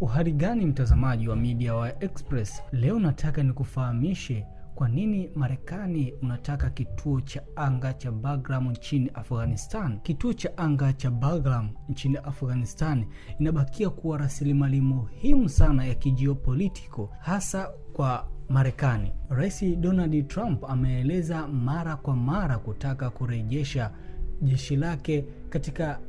Uhari gani mtazamaji wa Media wa Express, leo nataka nikufahamishe kwa nini Marekani unataka kituo cha anga cha Bagram nchini Afghanistan. Kituo cha anga cha Bagram nchini Afghanistan inabakia kuwa rasilimali muhimu sana ya kijiopolitiko hasa kwa Marekani. Rais Donald Trump ameeleza mara kwa mara kutaka kurejesha jeshi lake katika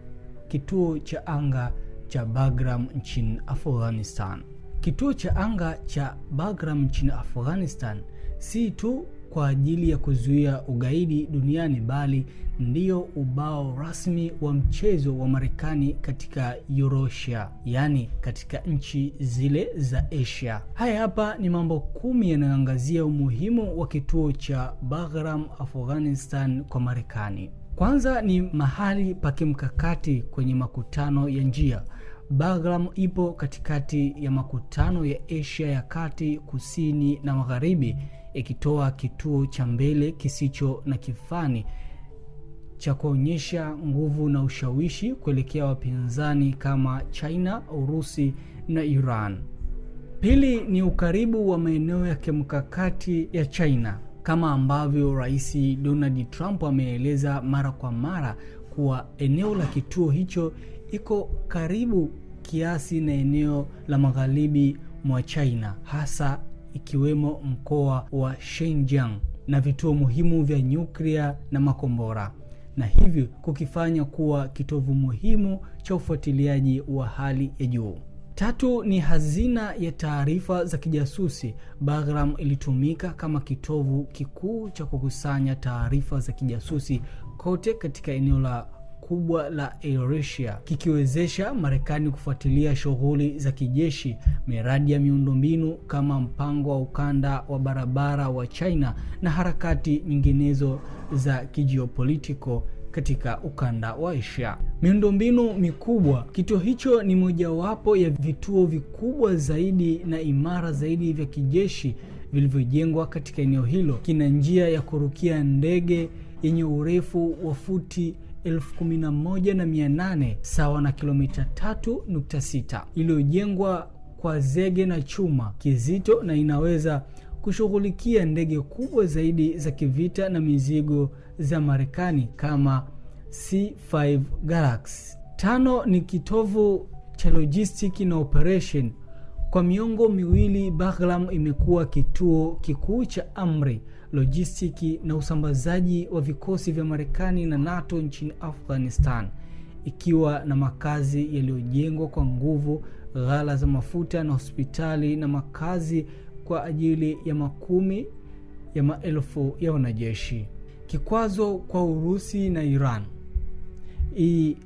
kituo cha anga cha Bagram nchini Afghanistan. Kituo cha anga cha Bagram nchini Afghanistan si tu kwa ajili ya kuzuia ugaidi duniani bali ndiyo ubao rasmi wa mchezo wa Marekani katika Eurasia, yaani katika nchi zile za Asia. Haya hapa ni mambo kumi yanayoangazia umuhimu wa kituo cha Bagram Afghanistan kwa Marekani. Kwanza ni mahali pa kimkakati kwenye makutano ya njia Bagram ipo katikati ya makutano ya Asia ya Kati, Kusini na Magharibi, ikitoa kituo cha mbele kisicho na kifani cha kuonyesha nguvu na ushawishi kuelekea wapinzani kama China, Urusi na Iran. Pili ni ukaribu wa maeneo ya kimkakati ya China, kama ambavyo Rais Donald Trump ameeleza mara kwa mara kuwa eneo la kituo hicho iko karibu kiasi na eneo la magharibi mwa China, hasa ikiwemo mkoa wa Xinjiang na vituo muhimu vya nyuklia na makombora na hivyo kukifanya kuwa kitovu muhimu cha ufuatiliaji wa hali ya juu. Tatu ni hazina ya taarifa za kijasusi. Bagram ilitumika kama kitovu kikuu cha kukusanya taarifa za kijasusi kote katika eneo la kubwa la Eurasia kikiwezesha Marekani kufuatilia shughuli za kijeshi, miradi ya miundombinu kama mpango wa ukanda wa barabara wa China na harakati nyinginezo za kijiopolitiko katika ukanda wa Asia. Miundombinu mikubwa. Kituo hicho ni mojawapo ya vituo vikubwa zaidi na imara zaidi vya kijeshi vilivyojengwa katika eneo hilo. Kina njia ya kurukia ndege yenye urefu wa futi 11800 sawa na kilomita 3.6 iliyojengwa kwa zege na chuma kizito na inaweza kushughulikia ndege kubwa zaidi za kivita na mizigo za Marekani kama C5 Galaxy. Tano ni kitovu cha lojistiki na operation kwa miongo miwili, Baghlam imekuwa kituo kikuu cha amri, lojistiki na usambazaji wa vikosi vya Marekani na NATO nchini Afghanistan, ikiwa na makazi yaliyojengwa kwa nguvu, ghala za mafuta na hospitali na makazi kwa ajili ya makumi ya maelfu ya wanajeshi. Kikwazo kwa Urusi na Iran. Hii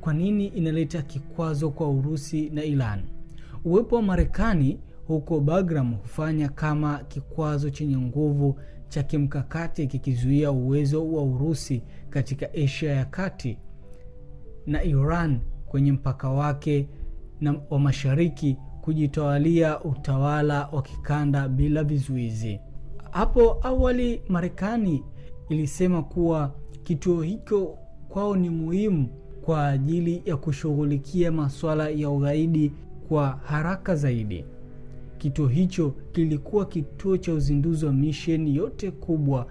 kwa nini inaleta kikwazo kwa Urusi na Iran? Uwepo wa Marekani huko Bagram hufanya kama kikwazo chenye nguvu cha kimkakati kikizuia uwezo wa Urusi katika Asia ya Kati na Iran kwenye mpaka wake na wa mashariki kujitawalia utawala wa kikanda bila vizuizi. Hapo awali Marekani ilisema kuwa kituo hicho kwao ni muhimu kwa ajili ya kushughulikia masuala ya ugaidi kwa haraka zaidi. Kituo hicho kilikuwa kituo cha uzinduzi wa misheni yote kubwa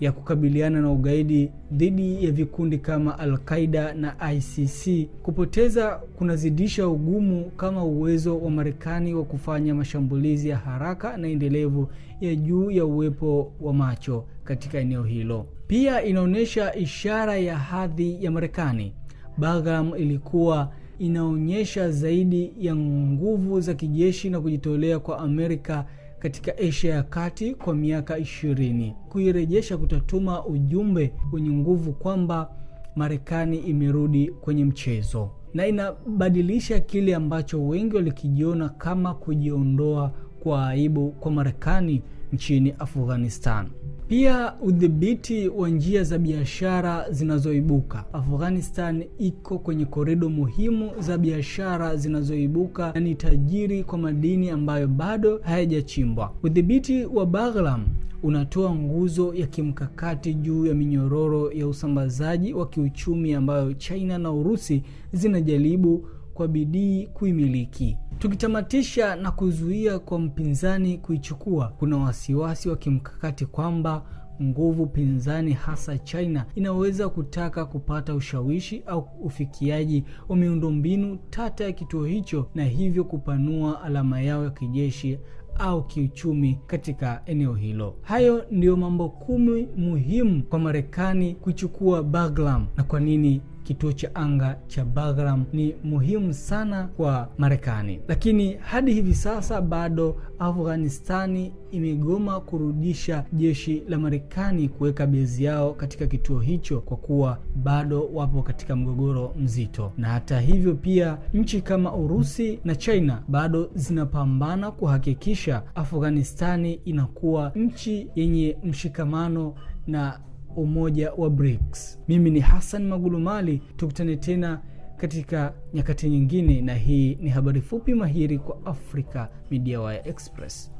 ya kukabiliana na ugaidi dhidi ya vikundi kama Al-Qaida na ICC. Kupoteza kunazidisha ugumu kama uwezo wa Marekani wa kufanya mashambulizi ya haraka na endelevu ya juu ya uwepo wa macho katika eneo hilo. Pia inaonyesha ishara ya hadhi ya Marekani. Bagram ilikuwa inaonyesha zaidi ya nguvu za kijeshi na kujitolea kwa Amerika katika Asia ya Kati kwa miaka ishirini, kuirejesha kutatuma ujumbe wenye nguvu kwamba Marekani imerudi kwenye mchezo na inabadilisha kile ambacho wengi walikijiona kama kujiondoa kwa aibu kwa Marekani nchini Afghanistan. Pia udhibiti wa njia za biashara zinazoibuka. Afghanistan iko kwenye korido muhimu za biashara zinazoibuka na ni tajiri kwa madini ambayo bado hayajachimbwa. Udhibiti wa Baghlam unatoa nguzo ya kimkakati juu ya minyororo ya usambazaji wa kiuchumi ambayo China na Urusi zinajaribu kwa bidii kuimiliki. Tukitamatisha na kuzuia kwa mpinzani kuichukua, kuna wasiwasi wa kimkakati kwamba nguvu pinzani hasa China inaweza kutaka kupata ushawishi au ufikiaji wa miundombinu tata ya kituo hicho na hivyo kupanua alama yao ya kijeshi au kiuchumi katika eneo hilo. Hayo ndiyo mambo kumi muhimu kwa Marekani kuchukua Baglam na kwa nini kituo cha anga cha Bagram ni muhimu sana kwa Marekani, lakini hadi hivi sasa bado Afghanistani imegoma kurudisha jeshi la Marekani kuweka bezi yao katika kituo hicho kwa kuwa bado wapo katika mgogoro mzito. Na hata hivyo pia nchi kama Urusi na China bado zinapambana kuhakikisha Afghanistani inakuwa nchi yenye mshikamano na umoja wa BRICS. Mimi ni Hassan Magulumali, tukutane tena katika nyakati nyingine, na hii ni habari fupi mahiri kwa afrika Media Wire Express.